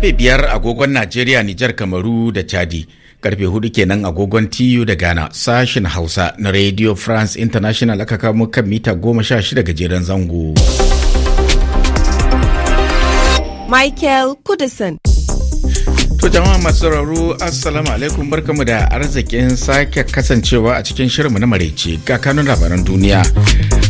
karfe biyar agogon Najeriya, Nijar, Kamaru da Chadi. Karfe hudu kenan agogon TU da Ghana sashin Hausa na Radio France International aka kamo kan mita goma sha shida gajeren zango. Michael Kudison. To jama'a masu sauraro assalamu alaikum barkamu da arzikin sake kasancewa a cikin shirinmu na maraice ga kanun labaran duniya.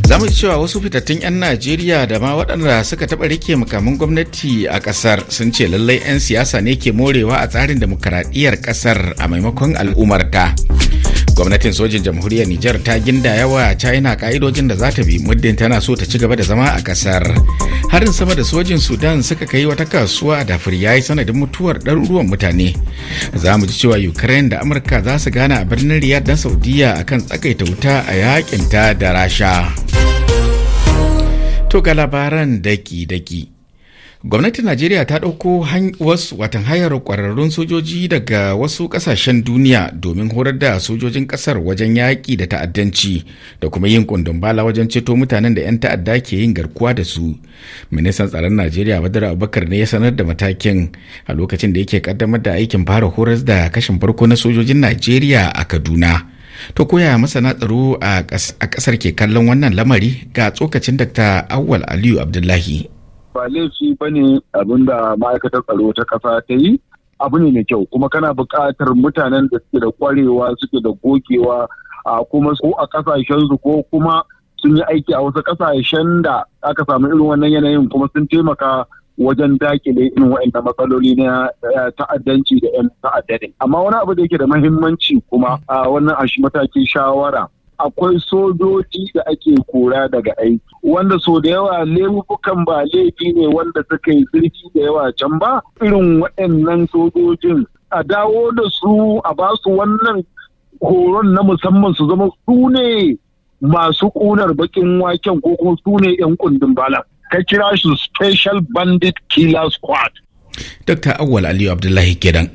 zamu ji cewa wasu fitattun 'yan Najeriya da ma waɗanda suka taɓa rike mukamin gwamnati a ƙasar sun ce lallai 'yan siyasa ne ke morewa a tsarin demokaradiyyar ƙasar a maimakon al'ummarta. ta. gwamnatin sojin jamhuriyar nijar ta gindaya wa china ka'idojin da za ta bi muddin tana so ta ci gaba da zama a kasar harin sama da sojin sudan suka kai wata kasuwa a dafir ya yi sanadin mutuwar ɗaruruwan mutane za mu ji cewa ukraine da amurka za su gana a birnin riyadh na saudiya kan tsakaita wuta a yakinta da rasha to ga labaran daki-daki gwamnatin najeriya ta ɗauko wasu watan hayar ƙwararrun sojoji daga wasu ƙasashen duniya domin horar da sojojin ƙasar wajen yaƙi da ta'addanci da kuma yin kundin bala wajen ceto mutanen da 'yan ta'adda ke yin garkuwa da su ministan tsaron najeriya badar abubakar ne ya sanar da matakin a lokacin da yake kaddamar da aikin fara horar da kashin farko na sojojin najeriya a kaduna to koya masana tsaro a ƙasar ke kallon wannan lamari ga tsokacin dr awwal aliyu abdullahi ba laifi ba ne abin da ma'aikatar tsaro ta kasa ta yi abu ne mai kyau kuma kana buƙatar mutanen da suke da kwarewa suke da gogewa a kuma ko a ƙasashensu ko kuma sun yi aiki a wasu ƙasashen da aka samu irin wannan yanayin kuma sun taimaka wajen dakile irin waɗannan matsaloli na eh, ta'addanci da 'yan ta'addanin. Amma wani abu da yake da mahimmanci kuma a wannan matakin shawara akwai sojoji da ake kora daga aiki wanda so da yawa laifukan ba laifi ne wanda suka yi zirki da yawa can ba irin waɗannan sojojin a dawo da su a ba su wannan horon na musamman su zama su ne masu ƙunar bakin waken ko kuma su ne 'yan kundin bala ka kira shi special bandit killer squad Dokta Awwal Aliyu Abdullahi Gidan.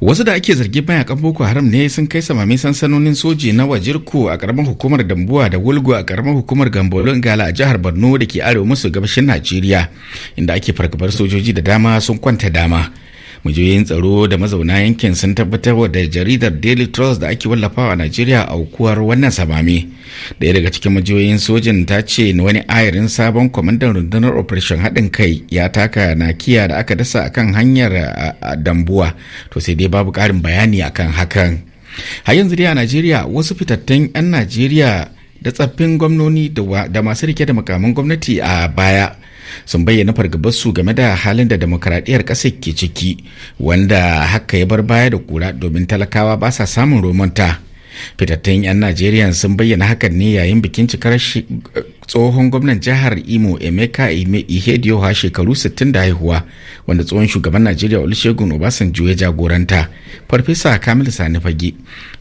Wasu da ake zargi mayakan Boko Haram ne sun kai samami sansanonin soji na Wajirku a karamar hukumar Dambuwa da Wulgo a karamar hukumar Gambolon Gala a jihar Borno da ke arewa maso gabashin Najeriya inda ake fargabar sojoji da dama sun kwanta dama. mujiyoyin tsaro da mazauna yankin sun tabbatar da jaridar daily trust da ake wallafawa a najeriya a aukuwar wannan samami daya daga cikin mujiyoyin sojin ta ce wani ayarin sabon kwamandan rundunar operation haɗin kai ya taka na nakiya da aka dasa akan hanyar dambuwa to sai dai babu ƙarin bayani akan hakan har yanzu dai a najeriya wasu fitattun 'yan najeriya da tsaffin gwamnoni da masu rike da makamin gwamnati a baya sun bayyana fargabar su game da halin da demokaradiyyar ƙasa ke ciki wanda haka ya bar baya da kura domin talakawa ba sa samun romanta fitattun 'yan najeriya sun bayyana hakan ne yayin bikin cikar tsohon gwamnan jihar imo emeka ihedioha shekaru 60 da haihuwa wanda tsohon shugaban najeriya olusegun obasanjo ya jagoranta farfesa kamilu sani fage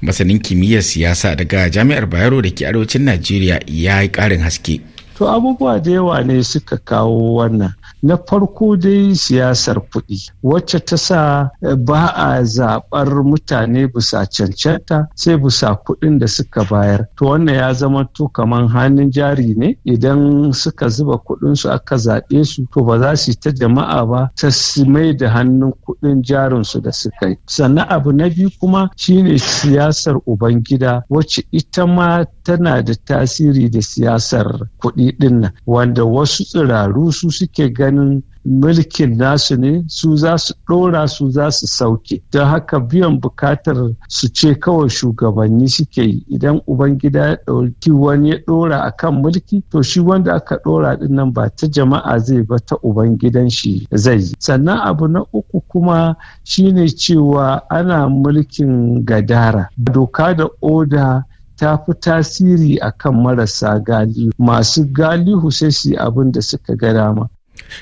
masanin kimiyyar siyasa daga jami'ar bayero da ke arewacin najeriya ya yi karin haske to abubuwa da yawa ne suka kawo wannan na farko dai siyasar kuɗi wacce ta sa eh, ba a zaɓar mutane bisa cancanta sai bisa kuɗin da suka bayar to wannan ya zama to kamar hannun jari ne idan suka zuba kuɗinsu aka zaɓe su to ba za su ta jama'a ba ta mai da hannun kuɗin jarinsu da suka yi sannan abu na biyu kuma shine siyasar ubangida wacce ita ma tana da tasiri da siyasar kuɗi ɗin nan wanda wasu tsiraru su suke gani tsakanin mulkin nasu ne su za su ɗora su za su sauke don haka biyan bukatar su ce kawai shugabanni suke yi idan ubangida ya ɗauki wani ya ɗora a kan mulki to shi wanda aka ɗora ɗin ba ta jama'a zai ba ta ubangidan shi zai yi sannan abu na uku kuma shine cewa ana mulkin gadara doka da oda ta fi tasiri akan marasa galihu masu galihu sai su yi abin da suka ga dama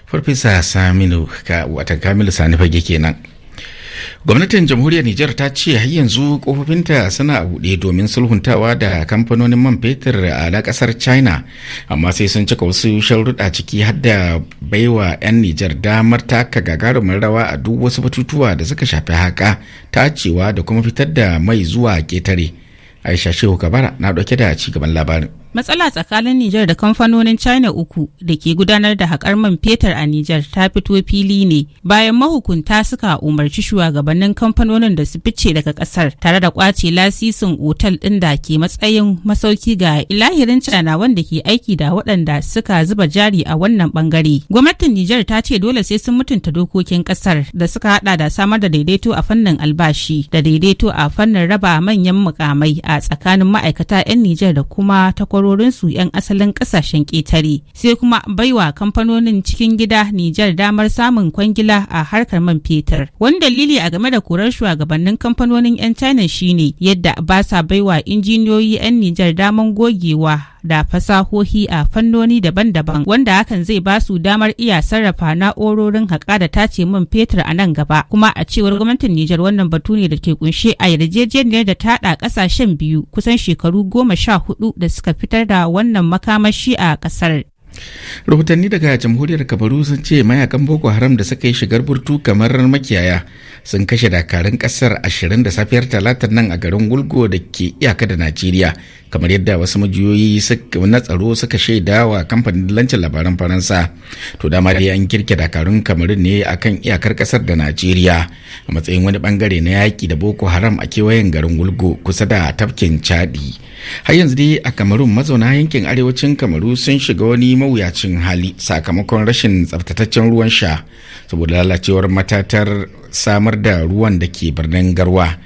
farfesa saminu watan kamilu sani fage kenan gwamnatin jamhuriyar nijar ta ce har yanzu kofofinta suna a buɗe domin sulhuntawa da kamfanonin man fetur a na ƙasar china amma sai sun cika wasu sharuɗa ciki har da baiwa 'yan nijar damar taka gagarumin rawa a duk wasu batutuwa da suka shafi haka tacewa da kuma fitar da mai zuwa ketare aisha shehu kabara na ɗauke da ci gaban labarin Matsala tsakanin Nijar da kamfanonin China uku da ke gudanar da haƙar man fetur a Nijar ta fito fili ne bayan mahukunta suka umarci shugabannin kamfanonin da su fice daga ƙasar tare da ƙwace lasisin otal ɗin da ke matsayin masauki ga ilahirin China wanda ke aiki da waɗanda suka zuba jari a wannan bangare Gwamnatin Nijar ta ce dole sai sun mutunta dokokin ƙasar da suka haɗa da samar da daidaito a fannin albashi da daidaito a fannin raba manyan mukamai a tsakanin ma'aikata 'yan Nijar da kuma ta su 'yan asalin kasashen ƙetare sai kuma baiwa kamfanonin cikin gida Nijar damar samun kwangila a harkar man fetur. Wani dalili a game da korar shugabannin kamfanonin 'yan China shine yadda ba sa baiwa injiniyoyi 'yan Nijar damar gogewa da fasahohi a fannoni daban-daban wanda hakan zai ba su damar iya sarrafa na'urorin haƙa da tace mun fetur a nan gaba kuma a cewar gwamnatin Nijar wannan batu ne da ke kunshe a yarjejeniyar da ta haɗa ƙasashen biyu kusan shekaru goma sha hudu da suka fitar da wannan makamashi a ƙasar. rahotanni daga jamhuriyar kabaru sun ce mayakan boko haram da suka yi shigar burtu kamar makiyaya sun kashe dakarun kasar ashirin da safiyar talatar nan a garin gulgo da ke iyaka da najeriya kamar yadda wasu majiyoyi na tsaro suka shaida wa kamfanin lancin labaran faransa to dama dai an kirke dakarun kamarin ne a kan iyakar kasar da najeriya a matsayin wani bangare na yaƙi da boko haram a kewayen garin wulgo kusa da tafkin chadi har yanzu dai a kamarun mazauna yankin arewacin kamaru sun shiga wani mawuyacin hali sakamakon rashin tsaftataccen ruwan sha saboda lalacewar matatar samar da ruwan da ke birnin garwa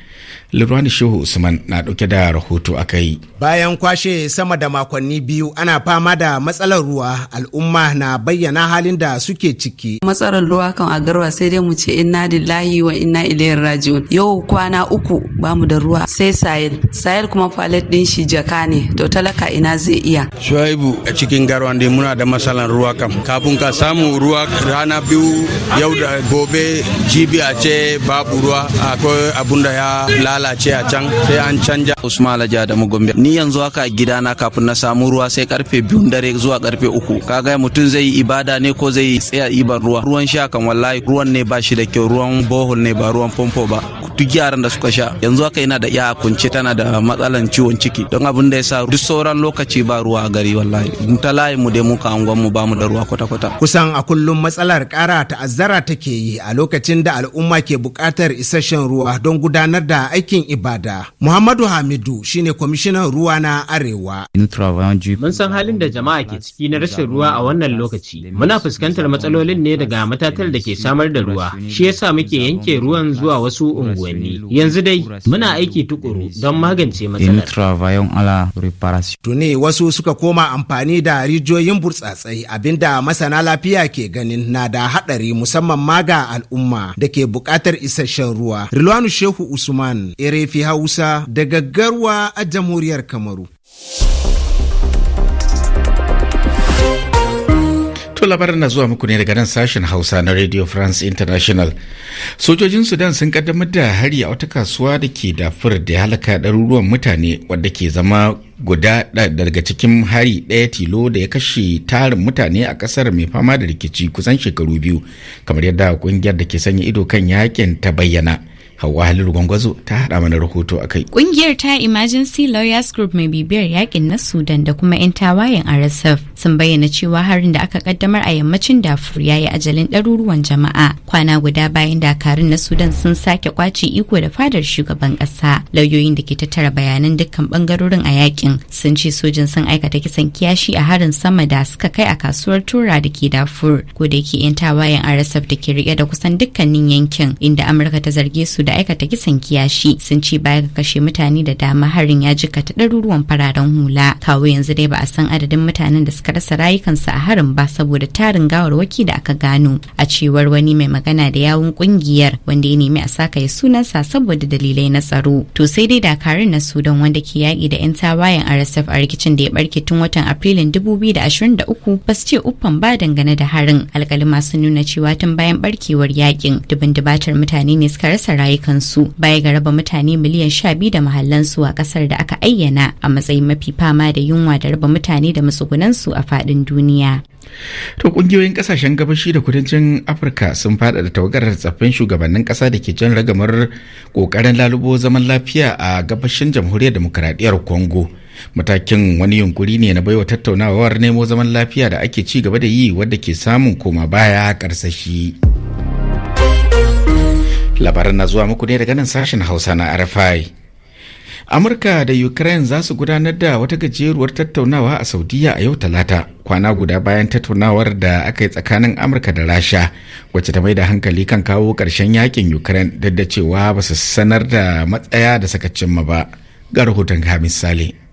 Librani Shehu Usman na ɗauke da rahoto a kai. Bayan kwashe sama da makonni biyu ana fama da matsalar ruwa al'umma na bayyana halin da suke ciki. Matsalar ruwa kan a garwa sai dai mu ce inna lillahi wa inna ilaihi raji'un. Yau kwana uku bamu da ruwa sai sayil. Sayil kuma falet ɗin shi jaka ne to talaka ina zai iya. Shuaibu a cikin garwa ne muna da matsalar ruwa kam. Kafin ka samu ruwa rana biyu yau da gobe jibi ce babu ruwa akwai abun da ya lalace a can sai an canja usman alhaji adamu gombe ni yanzu haka a gidana kafin na samu ruwa sai karfe biyu dare zuwa karfe uku kaga mutum zai yi ibada ne ko zai tsaya iban ruwa ruwan sha kan wallahi ruwan ne ba shi da kyau ruwan bohol ne ba ruwan pompo ba duk yaran da suka sha yanzu haka ina da iya kunce tana da matsalan ciwon ciki don abin da ya sa duk sauran lokaci ba ruwa a gari wallahi mu ta layi mu dai mu ka angon mu ba mu da ruwa kwata kwata kusan a kullum matsalar kara ta'azzara take yi a lokacin da al'umma ke bukatar isasshen ruwa don gudanar da aiki aikin ibada. Muhammadu Hamidu shine kwamishinan ruwa na Arewa. Mun san halin da jama'a ke ciki na rashin ruwa a wannan lokaci. Muna fuskantar matsalolin ne daga matatar da ke samar da ruwa. Shi yasa muke yanke ruwan zuwa wasu unguwanni. Yanzu dai muna aiki tukuru don magance matsalar. Tuni wasu suka koma amfani da rijiyoyin burtsatsai abinda masana lafiya ke ganin na da haɗari musamman ma ga al'umma da ke buƙatar isasshen ruwa. Rilwanu Shehu Usman erefi hausa da gaggarwa a jamhuriyar kamaru To labarin na zuwa muku ne daga nan sashen Hausa na Radio France International. Sojojin Sudan sun kaddamar da hari a wata kasuwa da ke dafur da ya halaka ɗaruruwan mutane wadda ke zama guda daga cikin hari ɗaya tilo da ya kashe tarin mutane a ƙasar mai fama da rikici kusan shekaru biyu kamar yadda ƙungiyar da ke sanya ido kan yakin ta bayyana. Hauwa Halilu Gwangwazo ta haɗa mana rahoto a kai. Ƙungiyar ta Emergency Lawyers Group mai bibiyar yakin na Sudan da kuma 'yan tawayen RSF sun bayyana cewa harin da aka kaddamar a yammacin Darfur ya yi ajalin ɗaruruwan jama'a. Kwana guda bayan dakarun na Sudan sun sake kwace iko da fadar shugaban ƙasa. Lauyoyin da ke tattara bayanan dukkan bangarorin a yakin sun ce sojin sun aikata kisan kiyashi a harin sama da suka kai a kasuwar Tura da ke dafur Ko da yake 'yan tawayen RSF da ke riƙe da kusan dukkanin yankin inda Amurka ta zarge su da aikata kisan kiyashi sun ce baya ga kashe mutane da dama harin ya jikata ɗaruruwan fararen hula kawo yanzu dai ba a san adadin mutanen da suka rasa rayukansu a harin ba saboda tarin gawarwaki da aka gano a cewar wani mai magana da yawun kungiyar wanda ya nemi a saka ya sunansa saboda dalilai na tsaro to sai dai dakarun na sudan wanda ke yaƙi da 'yan tawayen rsf a rikicin da ya barke tun watan afrilun 2023 ba su ce uffan ba dangane da harin alkalima sun nuna cewa tun bayan barkewar yakin dubin dubatar mutane ne suka rasa rayu kansu baya ga raba mutane miliyan sha biyu da mahallansu a kasar da aka ayyana a matsayin mafi fama da yunwa da raba mutane da matsugunansu a fadin duniya. To kungiyoyin kasashen gabashi da kudancin Afirka sun fada da tawagarar tsaffin shugabannin kasa da ke jan ragamar kokarin lalubo zaman lafiya a gabashin jamhuriyar demokuraɗiyyar Congo. Matakin wani yunkuri ne na baiwa tattaunawar nemo zaman lafiya da ake ci gaba da yi wadda ke samun koma baya karsashi. labaran na zuwa muku ne daga nan sashen hausa na arafai amurka da ukraine za su gudanar da wata gajeruwar tattaunawa a saudiya a yau talata kwana guda bayan tattaunawar da aka yi tsakanin amurka da rasha wacce ta mai da hankali kan kawo ƙarshen yakin ukraine duk da cewa ba su sanar da matsaya da sakacin ma ba ga rahoton hamis sale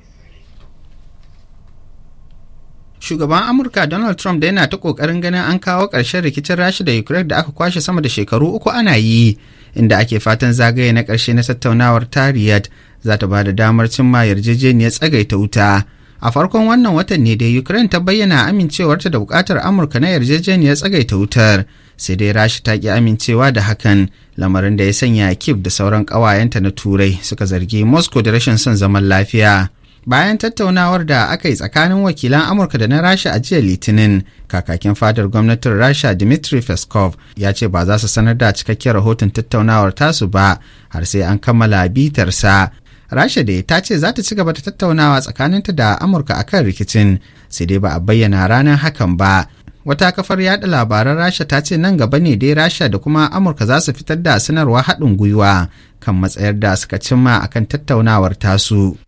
shugaban amurka donald trump da yana ta kokarin ganin an kawo ƙarshen rikicin Rashi da ukraine da aka kwashe sama da shekaru uku ana yi inda ake fatan zagaye na ƙarshe na tattaunawar ta zata za ta ba da damar cimma yarjejeniyar tsagaita wuta a farkon wannan watan ne da ukraine ta bayyana amincewarta da buƙatar amurka na yarjejeniyar tsagaita wutar sai dai Rashi ta ƙi amincewa da hakan lamarin da ya sanya kiev da sauran ƙawayenta na turai suka zargi moscow da rashin son zaman lafiya bayan tattaunawar da aka yi tsakanin wakilan amurka da na rasha a jiya litinin kakakin fadar gwamnatin rasha dmitry peskov ya ce ba za su sanar da cikakken rahoton tattaunawar tasu ba har sai an kammala bitarsa rasha dai ta ce za ta ci gaba da tattaunawa tsakaninta da amurka akan rikicin sai dai ba a bayyana ranar hakan ba wata kafar yada labaran rasha ta ce nan gaba ne dai rasha da kuma amurka za su fitar da sanarwa haɗin gwiwa kan matsayar da suka cimma akan tattaunawar tasu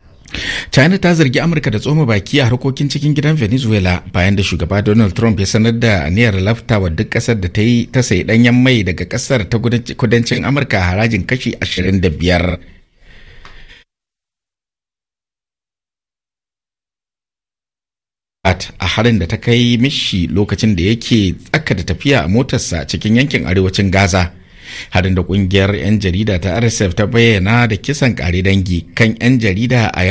china ta zargi amurka da tsoma baki a harkokin cikin gidan venezuela bayan da shugaba donald trump ya sanar da aniyar laftawa duk kasar da ta yi ta sayi danyen mai daga kasar ta kudancin amurka harajin kashi 25 a harin da ta kai mishi lokacin da yake tsaka da tafiya a motarsa cikin yankin arewacin gaza harin da kungiyar 'yan jarida ta rsf ta bayyana da kisan kare dangi kan 'yan jarida a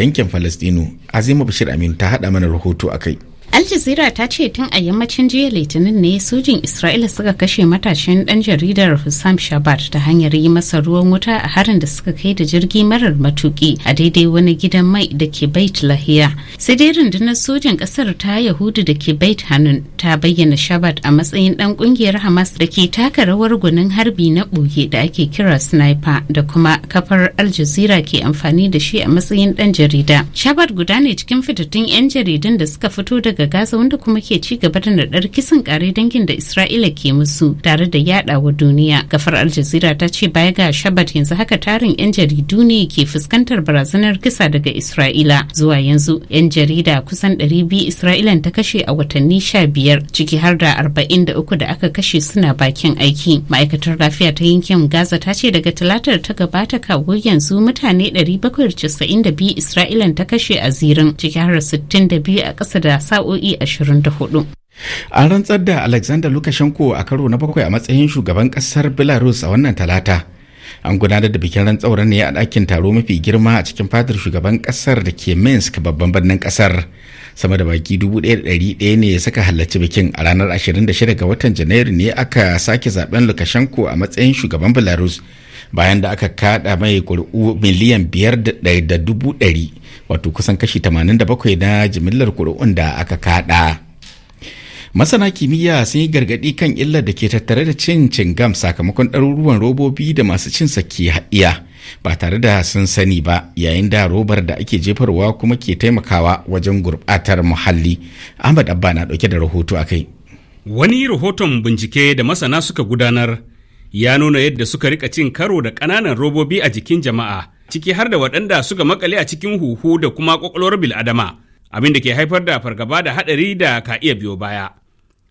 yankin falastinu azima bashir aminu ta haɗa mana rahoto a kai al jazeera ta ce tun a yammacin jiya litinin ne sojin isra'ila suka kashe matashin dan jaridar hussam shabat ta hanyar yi masa ruwan wuta a harin da suka kai da jirgi marar matuki a daidai wani gidan mai da ke bait lahiya sai dai rundunar sojin kasar ta yahudu da ke bait hanun ta bayyana shabat a matsayin dan kungiyar hamas da ke taka rawar gunin harbi na buge da ake kira sniper da kuma kafar al jazeera ke amfani da shi a matsayin dan jarida shabat guda ne cikin fitattun yan jaridun da suka fito daga daga Gaza wanda kuma ke ci gaba da nadar kisan kare dangin da Isra'ila ke musu tare da yaɗawa duniya. gafar Al Jazeera ta ce baya ga Shabat yanzu haka tarin 'yan jaridu ne ke fuskantar barazanar kisa daga Isra'ila. Zuwa yanzu 'yan jarida kusan 200 Isra'ilan ta kashe a watanni 15 ciki har da 43 da aka kashe suna bakin aiki. Ma'aikatar lafiya ta yankin Gaza ta ce daga talatar ta gabata kawo yanzu mutane 792 Isra'ilan ta kashe a zirin ciki har 62 a ƙasa da sa'o'i sa'o'i 24 an rantsar da alexander lukashenko a karo na bakwai a matsayin shugaban kasar belarus a wannan talata an gudanar da bikin rantsauran ne a ɗakin taro mafi girma a cikin fadar shugaban kasar da ke minsk babban birnin kasar sama da baki dubu da 1,100 ne suka halarci bikin a ranar 26 ga watan janairu ne aka sake zaben lukashenko a matsayin shugaban belarus bayan da aka kaɗa mai kuri'u miliyan biyar da dubu ɗari wato kusan kashi 87 na jimillar kuri'un da aka kaɗa. masana kimiyya sun yi gargaɗi kan illar da ke tattare da cin cin gam sakamakon ɗaruruwan robobi da masu cin ke haɗiya ba tare da sun sani ba yayin da robar da ake jefarwa kuma ke taimakawa wajen gurɓatar muhalli ahmad abba na ɗauke da rahoto a kai wani rahoton bincike da masana suka gudanar ya nuna yadda suka rika cin karo da ƙananan robobi a jikin jama'a ciki har da waɗanda suka makale a cikin huhu da kuma ƙwaƙwalwar bil'adama abin da ke haifar da fargaba da haɗari da ka iya biyo baya.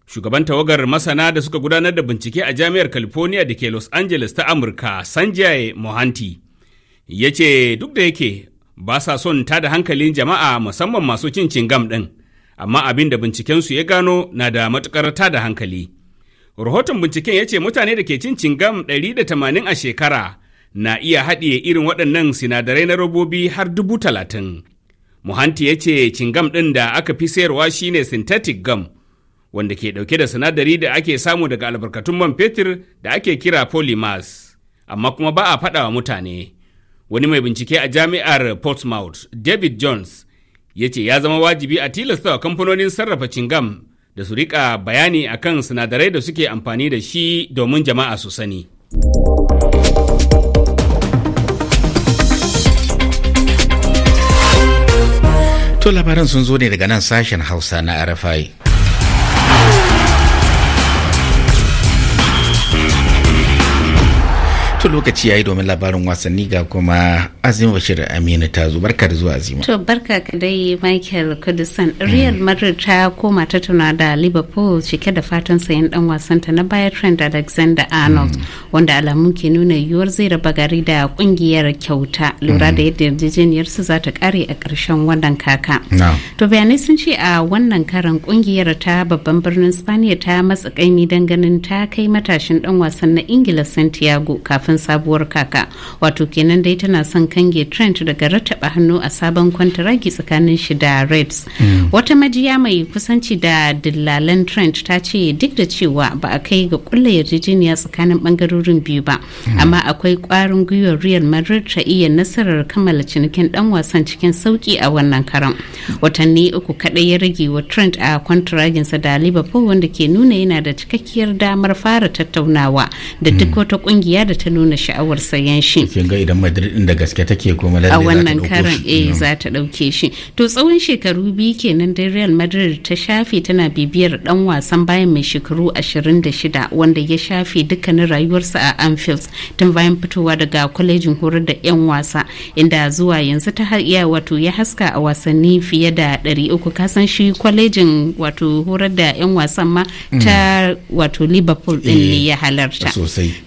Shugaban tawagar masana da suka gudanar da bincike a jami'ar California da ke Los Angeles ta Amurka Sanjay Mohanty ya ce duk da yake ba sa son ta da hankalin jama'a musamman masu cin cingam ɗin, amma abin da bincikensu ya gano na da matuƙar da hankali. Rahoton binciken ya ce mutane da ke cin cingam 180 a shekara na iya haɗiye irin waɗannan sinadarai na robobi har dubu talatin. Muhanti ya ce cingam ɗin da aka fi sayarwa shi ne synthetic gum, wanda ke ɗauke da sinadari da ake samu daga albarkatun man fetur da ake kira polymers, amma kuma ba a faɗawa mutane. Wani mai bincike a jami'ar Portsmouth, David Jones, ya ce ya zama wajibi a tilastawa kamfanonin sarrafa cingam da su rika bayani akan sinadarai da suke amfani da shi domin jama'a su sani. To labaran sun zo ne daga nan sashen Hausa na RFI. to lokaci yayi domin labarin wasanni ga kuma Azim Bashir Aminu ta zo barka da zuwa Azima. To barka ka dai Michael Kudusan Real mm. Madrid ta koma ta tuna da Liverpool cike da fatan sayan dan wasanta na bayan trend Alexander Arnold mm. wanda alamun ke nuna yiwuwar zai raba gari da kungiyar kyauta lura da mm. yadda yarjejeniyar su za ta kare a karshen wannan kaka. To bayanai sun ce a wannan karan kungiyar ta babban birnin Spaniya ta matsa kaimi dan ganin ta kai matashin dan wasan na Ingila Santiago kafin kan sabuwar kaka wato kenan dai tana son kange trent daga rataba hannu a sabon kwantaragi tsakanin shi da reds mm. wata majiya mai kusanci da dillalan trent ta ce duk da cewa ba a kai ga kulla yarjejeniya tsakanin bangarorin biyu ba mm. amma akwai kwarin gwiwar real madrid ta iya nasarar kammala cinikin dan wasan cikin sauki a wannan karan watanni uku kadai ya rage wa trent a kwantaraginsa da liverpool wanda ke nuna yana da cikakkiyar damar fara tattaunawa da duk mm. wata kungiya da ta nuna nuna sha'awar sayan shi kin ga idan madrid din da gaske take kuma lalle a wannan karan eh za ta dauke eh, mm. shi to tsawon shekaru biyu kenan da Real Madrid ta shafe tana bibiyar dan wasan bayan mai shekaru 26 wanda ya shafe dukkanin rayuwarsa a Anfield tun bayan fitowa daga kwalejin horar da 'yan wasa inda zuwa yanzu ta iya wato ya haska a wasanni fiye da 300 kasan shi kwalejin wato horar da 'yan wasan ma ta mm. wato Liverpool din ne eh, ya halarta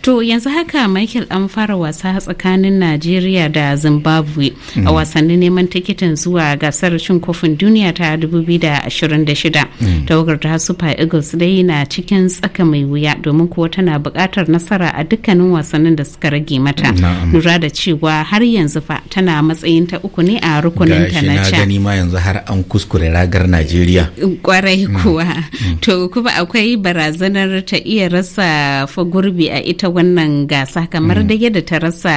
to yanzu haka mai michael an fara wasa tsakanin najeriya da zimbabwe a mm-hmm. wasannin neman tikitin zuwa gasar cin kofin duniya ta 2026 mm. tawagar ta super eagles dai na cikin tsaka mai wuya domin kuwa tana bukatar nasara a dukkanin wasannin da suka rage mata lura da cewa har yanzu fa tana matsayin ta uku ne a rukunin ta na can gani ma yanzu har an kuskure ragar najeriya kwarai mm. kuwa mm. to kuma akwai barazanar ta iya rasa fa gurbi a ita wannan gasa kamar hmm. da yadda ta rasa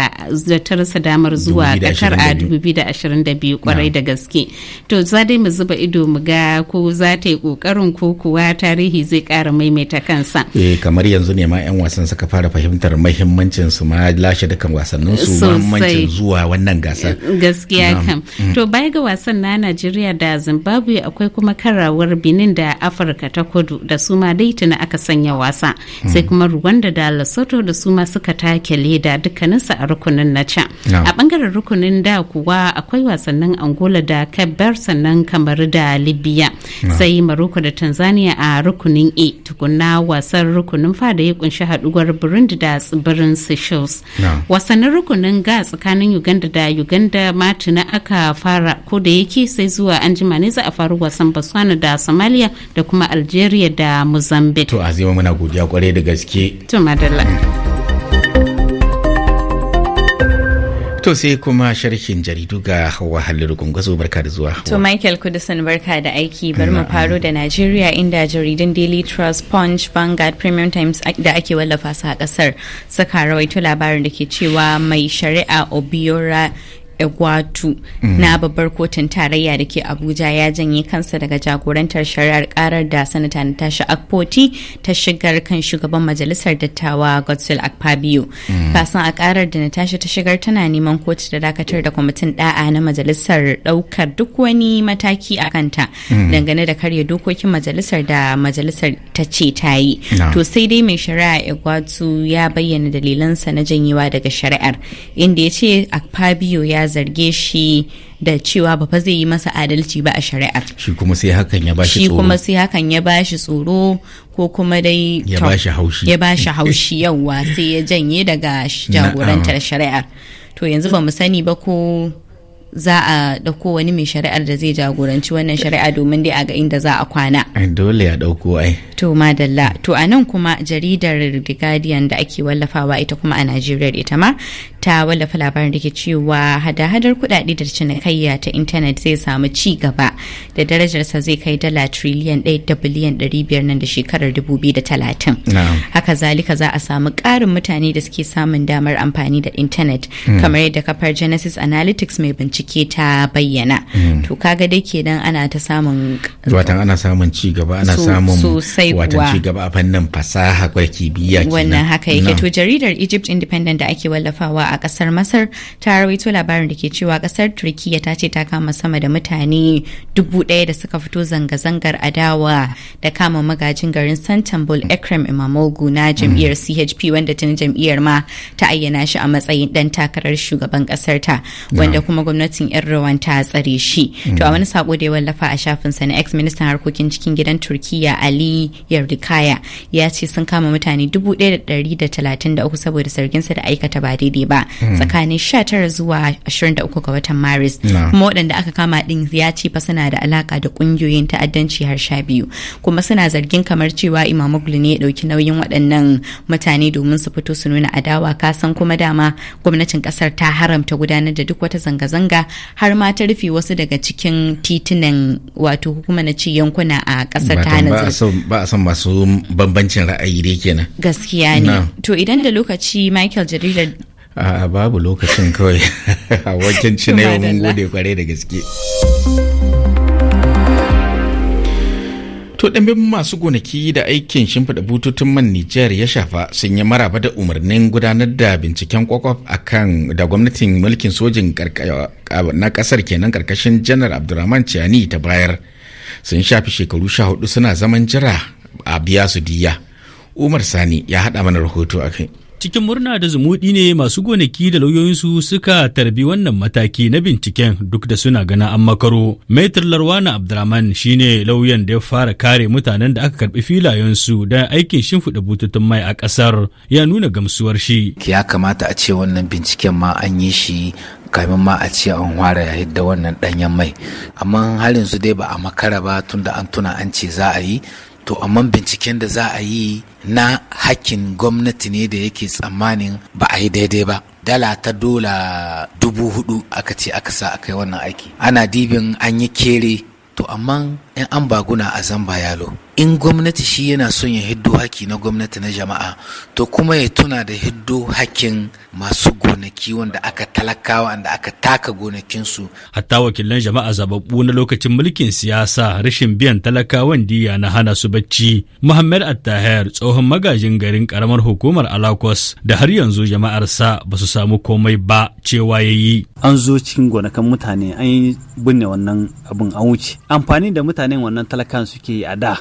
da ta rasa damar zuwa Qatar a 2022 kwarai da gaske to za dai mu zuba ido mu ga ko za ta yi kokarin ko kuwa tarihi zai kara maimaita kansa eh kamar yanzu ne ma yan wasan suka fara fahimtar mahimmancin su ma lashe dukkan wasannin su mahimmancin zuwa wannan gasa gaskiya kam hmm. to baya ga wasan na Najeriya da Zimbabwe akwai kuma karawar Benin da Afirka ta Kudu da su ma dai aka sanya wasa hmm. sai kuma Rwanda da Lesotho da su ma suka tayi sake leda dukkaninsu a rukunin na can a bangaren rukunin da kuwa akwai wasannin angola da kabbar sannan kamar da libya sai maroko da tanzania a rukunin a tukunna wasan rukunin fada ya kunshi haduwar burundi da tsibirin seychelles wasannin rukunin ga tsakanin uganda da uganda matina aka fara ko da yake sai zuwa an jima ne za a faru wasan botswana da somalia da kuma algeria da mozambique to zai muna godiya kwarai da gaske to madalla To sai kuma sharhin jaridu ga wahalar Halliru Gungazo barka da zuwa. To Michael Kudusan barka da aiki bar mu faro da Najeriya inda jaridun Daily Trust, Punch, Vanguard, Premium Times da ake wallafa su a kasar suka rawaito labarin da ke cewa mai shari'a Obiora egwatu mm. na babbar kotun tarayya da ke abuja ya janye kansa daga jagorantar shari'ar karar da sanata na natasha akpoti ta shigar kan shugaban majalisar dattawa godswill akpabio mm. kasan a karar da natasha ta shigar tana neman kotu da dakatar da kwamitin da'a na majalisar daukar duk wani mataki a kanta mm. dangane da karya dokokin majalisar da majalisar ta ce ta yi to sai dai mai shari'a egwatu ya bayyana dalilansa na janyewa daga shari'ar inda ya ce akpabio ya zarge shi da cewa ba fa zai yi masa adalci ba a shari'ar shi kuma sai hakan ya bashi tsoro shi kuma sai hakan ya bashi tsoro ko kuma dai ya bashi haushi ya bashi haushi yawa sai ya janye daga jagorantar shari'ar to yanzu ba mu sani ba ko za a dauko wani mai shari'ar da zai jagoranci wannan shari'a domin dai a ga inda za a kwana. Dole a dauko ai. To madalla. To a nan kuma jaridar The Guardian da ake wallafawa ita kuma a Najeriya ita ma ta wallafa labarin da ke cewa hada-hadar kuɗaɗe da cinikayya ta intanet zai samu ci gaba da darajarsa zai kai dala triliyan ɗaya da biliyan ɗari biyar nan da shekarar dubu biyu da talatin. Haka zalika za a samu ƙarin mutane da suke samun damar amfani da intanet kamar hmm. yadda kafar Genesis Analytics mai bincike bincike ta bayyana mm. to kaga dai kenan ana ta samun watan ana samun ci gaba ana samun watan ci gaba a fannin fasaha ko kibiyya kenan wannan haka yake to jaridar Egypt Independent da ake wallafawa a kasar Masar ta rawaito labarin da ke cewa kasar Turkiya ta ce ta kama sama da mutane dubu ɗaya da suka fito zanga-zangar adawa da kama magajin garin Santambul Ekrem Imamoglu na mm. jam'iyyar CHP wanda tun jam'iyyar ma ta ayyana shi a matsayin dan takarar shugaban kasar ta wanda kuma gwamnati gwamnatin Erdogan ta tsare shi. To a mm. wani sako da ya wallafa a shafin sa na ex ministan harkokin cikin gidan Turkiya Ali Yardikaya ya ce sun kama mutane dubu da da talatin 1,133 saboda sargin sa da aikata ba daidai ba mm. tsakanin 19 zuwa ashirin 23 ga watan Maris. Kuma waɗanda aka kama din ya ce fa suna da alaka da ƙungiyoyin ta'addanci har sha biyu kuma suna zargin kamar cewa Imamoglu ne ya ɗauki nauyin waɗannan mutane domin su fito su nuna adawa kasan kuma dama gwamnatin ƙasar ta haramta gudanar da duk wata zanga-zanga zanga har ma ta rufe wasu daga cikin titunan wato kuma na ci yankuna a kasar ta hana ba a san masu bambancin ra'ayi dai kenan gaskiya ne to idan da lokaci michael jarida a babu lokacin kawai a wajen cinewa mun gode kwarai da gaske Wato ɗanbin masu gonaki da aikin shimfiɗa bututun man Nijar ya shafa sun yi maraba da umarnin gudanar da binciken kwakwaf a kan da gwamnatin mulkin sojin na ƙasar kenan ƙarƙashin janar Abdurrahman Ciani ta bayar. Sun shafi shekaru sha hudu suna zaman jira a biya su diya. Umar Sani ya haɗa mana rahoto a kai. cikin murna da zumuɗi ne masu gonaki da lauyoyinsu suka tarbi wannan mataki na binciken duk da suna gana an makaro maitar larwana abdulrahman ne lauyan da ya fara kare mutanen da aka karbi filayensu da aikin shimfiɗa bututun mai a ƙasar ya nuna gamsuwar shi ya kamata a ce wannan binciken ma an yi shi kamin ma a ce an ware yayin da wannan ɗanyen mai amma halin su dai ba a makara ba tunda an tuna an ce za a yi to amma binciken da za a yi na hakkin gwamnati ne da yake tsammanin ba a yi daidai ba dala ta dola dubu hudu aka ce aka sa aka yi wannan aiki ana dibin an yi kere to amma 'yan ambaguna a zamba yalo in gwamnati shi yana son ya hiddo haki na gwamnati na jama'a to kuma ya tuna da hiddo hakin masu gonaki wanda aka talakawa wanda aka taka gonakinsu hatta wakilan jama'a zababbu na lokacin mulkin siyasa rashin biyan talakawan diya na hana su bacci muhammad attahir tsohon magajin garin karamar hukumar alakos da har yanzu jama'arsa ba su samu komai ba cewa yayi an zo cikin gonakan mutane an yi binne wannan abin an wuce amfani da mutane mutanen wannan talakan suke yi a da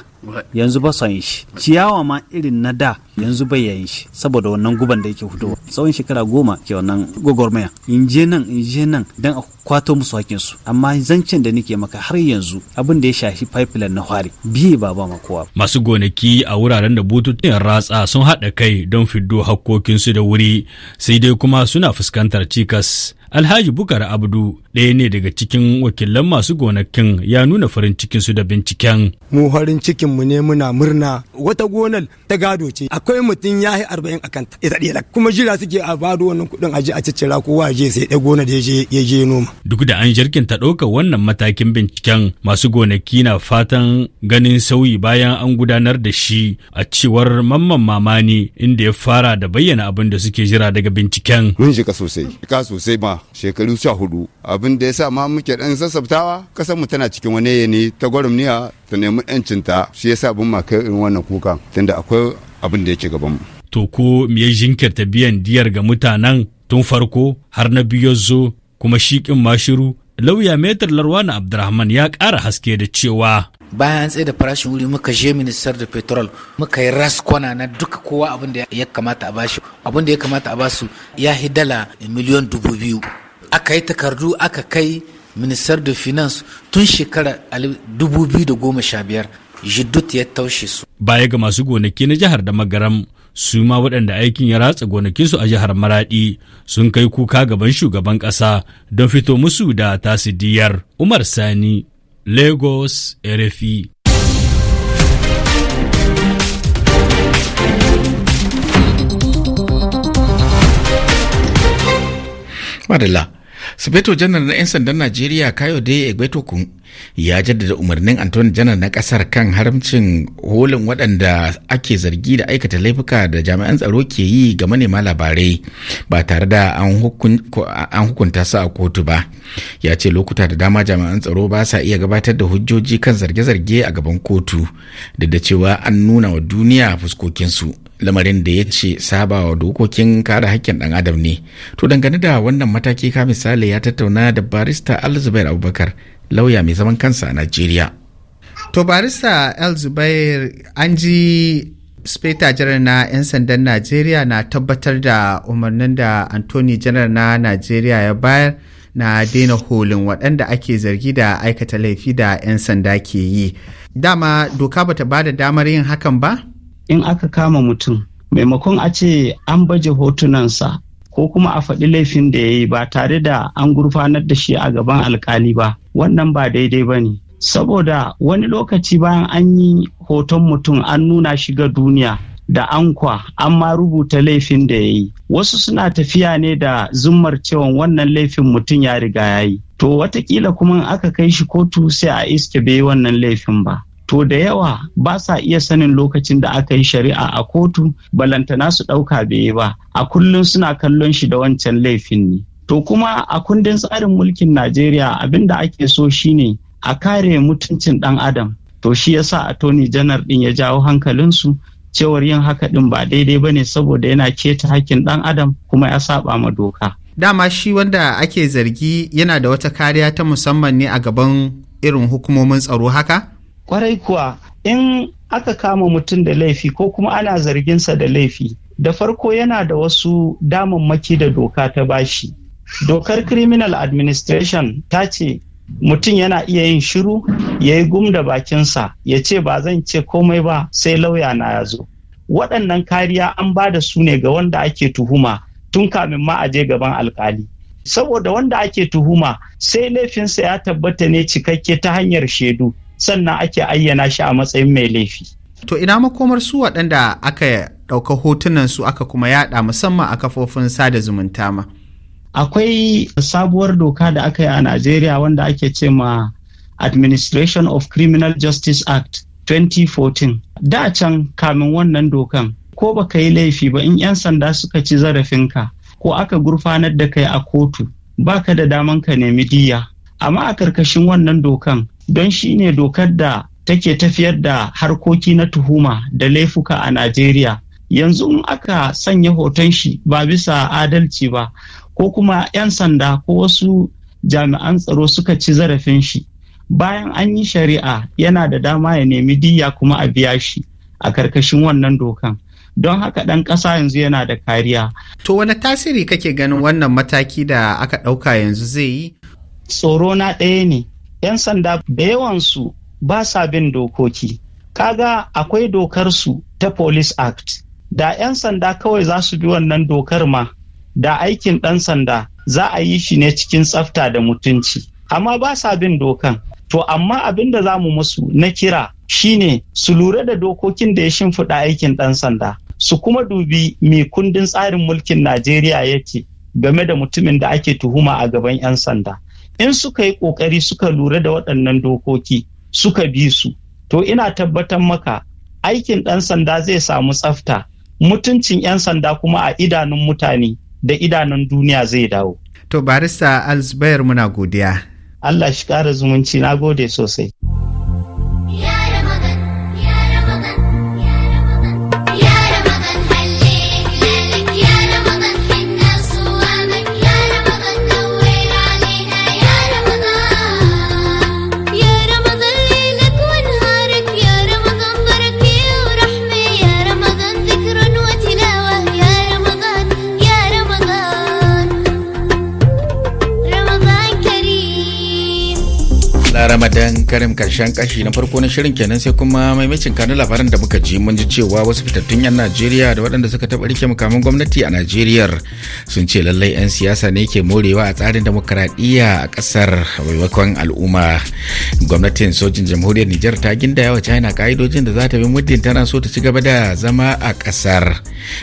yanzu ba son shi ciyawa ma irin na da yanzu bai yayin shi saboda wannan guban da yake hudowa tsawon shekara goma ke wannan gwagwarmaya in je nan in je nan dan a kwato musu hakin su amma zancen da nake maka har yanzu abin da ya shafi pipeline na hwari biye ba ba ma kowa masu gonaki a wuraren da bututun ratsa sun haɗa kai don fiddo hakkokinsu da wuri sai dai kuma suna fuskantar cikas Alhaji Bukar Abdu ɗaya ne daga cikin wakilan masu gonakin ya nuna farin cikin su da binciken. Mu farin cikin mu ne muna murna wata gonar ta gado ce akwai mutum ya yi arba'in a kanta ita ɗaya kuma jira suke a bado wannan kuɗin aji a ciccira kowa je sai ɗaya gonar ya je noma. Duk da an jirgin ta ɗaukar wannan matakin binciken masu gonaki na fatan ganin sauyi bayan an gudanar da shi a cewar mamman mamani inda ya fara da bayyana abin da suke jira daga binciken. Mun shiga sosai, ka sosai ma shekaru sha hudu abin da ya sa ma muke dan sassabtawa kasar mu tana cikin wani yanayi ta gwarumniya ta nemi yancinta shi yasa bin ma kai irin wannan kuka tunda akwai abin da yake gaban mu to ko me ya jinkirta biyan diyar ga mutanen tun farko har na biyo zo kuma shikin mashiru lauya metar larwana abdurrahman ya ƙara haske da cewa bayan tsaye da farashin wuri muka je ministar da petrol muka yi raskwana na duka kowa abin da ya kamata a bashi abin da ya kamata a basu ya hi dala miliyon dubu biyu aka yi takardu aka kai ministar da finance tun shekara dubu biyu da goma sha biyar jidut ya taushe su baya ga masu gonaki na jihar da magaram su ma waɗanda aikin ya ratsa gonakinsu a jihar maradi sun kai kuka gaban shugaban ƙasa don fito musu da tasidiyar umar sani Lagos, RFI. Madela sufeto janar na 'yan sandan najeriya kayo egbetokun ya jaddada umarnin antoni janar na kasar kan haramcin holin waɗanda ake zargi da aikata laifuka da jami'an tsaro ke yi ga manema labarai ba tare da an hukunta su a kotu ba ya ce lokuta da dama jami'an tsaro ba sa iya gabatar da hujjoji kan zarge-zarge a gaban kotu duk da cewa an nuna wa duniya fuskokinsu lamarin da ya ce saba wa dokokin kada hakkin ɗan adam ne to dangane da wannan mataki ka misali ya tattauna da barista alzubair abubakar lauya mai zaman kansa a najeriya to barista alzubair an ji speta janar na 'yan sandan najeriya na tabbatar da umarnin da anthony janar na najeriya ya bayar na daina holin waɗanda ake zargi da aikata laifi da 'yan sanda ke yi dama doka bata bada damar yin hakan ba? in aka kama mutum maimakon a ce an baje hotunansa ko kuma a faɗi laifin da ya yi ba tare da an gurfanar da shi a gaban alkali ba wannan ba daidai ba ne saboda wani lokaci bayan an yi hoton mutum an nuna shi ga duniya da ankwa an ma rubuta laifin da ya yi wasu suna tafiya ne da zummar cewa wannan laifin mutum ya riga ya yi to watakila kuma aka kai shi kotu sai a iske bai wannan laifin ba to da yawa ba sa iya sanin lokacin da aka yi shari'a a kotu balantana su ɗauka bai ba a kullum suna kallon shi da wancan laifin ne to kuma a kundin tsarin mulkin najeriya abin da ake so shine a kare mutuncin ɗan adam to shi yasa toni janar ɗin ya jawo hankalinsu cewar yin haka ɗin ba daidai ba ne saboda yana keta hakkin ɗan adam kuma ya saba ma doka dama shi wanda ake zargi yana da wata kariya ta musamman ne a gaban irin hukumomin tsaro haka Kwarai kuwa in aka kama mutum da laifi ko kuma ana zarginsa da laifi da farko yana da wasu damammaki da doka ta bashi. Dokar Criminal Administration ta ce mutum yana iya yin shiru ya yi gum da bakinsa ya ce ba zan ce komai ba sai lauya na ya zo. Waɗannan kariya an ba da su ne ga wanda ake tuhuma tun kamin ma a je gaban alkali. Saboda wanda ake tuhuma sai laifinsa ya tabbata ne cikakke ta hanyar shaidu. sannan ake ayyana shi a matsayin mai laifi. To ina makomar su waɗanda aka ɗauka hotunan su aka kuma yaɗa musamman a kafofin sada zumunta ma. Akwai sabuwar doka da aka yi a Najeriya wanda ake ce ma Administration of Criminal Justice Act 2014. Da can kamin wannan dokan ko baka yi laifi ba in 'yan sanda suka ci zarafinka ko aka gurfanar da kai a kotu baka da daman ka nemi diya. Amma a karkashin wannan dokan don shi ne dokar da take tafiyar da harkoki na tuhuma da laifuka a Najeriya. Yanzu in aka sanya hoton shi ba bisa adalci ba, ko kuma 'yan sanda ko wasu jami'an tsaro suka ci zarafin shi. Bayan an yi shari'a yana da dama ya nemi diya kuma a biya shi a karkashin wannan dokan. Don haka ɗan ƙasa yanzu yana da kariya. To wani tasiri kake ganin wannan mataki da aka ɗauka yanzu zai yi? Tsoro na ɗaya ne. 'yan sanda da yawansu ba sa bin dokoki kaga akwai dokar su ta police act da 'yan sanda kawai za su bi wannan dokar ma da aikin ɗan sanda za a yi shi ne cikin tsafta da mutunci amma ba sa bin dokan to amma abin da za mu musu na kira shine su lura da dokokin da ya shimfiɗa aikin ɗan sanda su kuma dubi mai kundin tsarin mulkin najeriya yake game da mutumin da ake tuhuma a gaban 'yan sanda in suka yi ƙoƙari suka lura da waɗannan dokoki suka bi su to ina tabbatar maka aikin ɗan sanda zai samu tsafta mutuncin 'yan sanda kuma a idanun mutane da idanun duniya zai dawo. To barista Alzbayar muna godiya. Allah shi ƙara zumunci na gode sosai. ramadan karim karshen kashi na farko na shirin kenan sai kuma maimacin kanin labaran da muka ji mun ji cewa wasu fitattun 'yan najeriya da waɗanda suka taɓa rike mukamin gwamnati a najeriya sun ce lallai 'yan siyasa ne ke morewa a tsarin demokaradiyya a ƙasar maimakon al'umma gwamnatin sojin jamhuriyar nijar ta ginda yawa china ka'idojin da za ta bi muddin tana so ta ci gaba da zama a ƙasar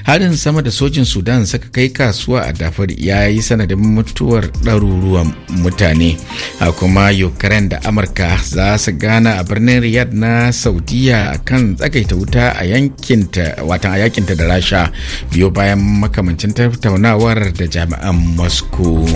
harin sama da sojin sudan suka kai kasuwa a dafar ya yi sanadin mutuwar ɗaruruwan mutane a kuma ukraine da amurka za su gana a birnin riyadh na saudiya kan tsagaita wuta a yankinta a yakinta da rasha biyo bayan makamancin tattaunawar da jami'an moscow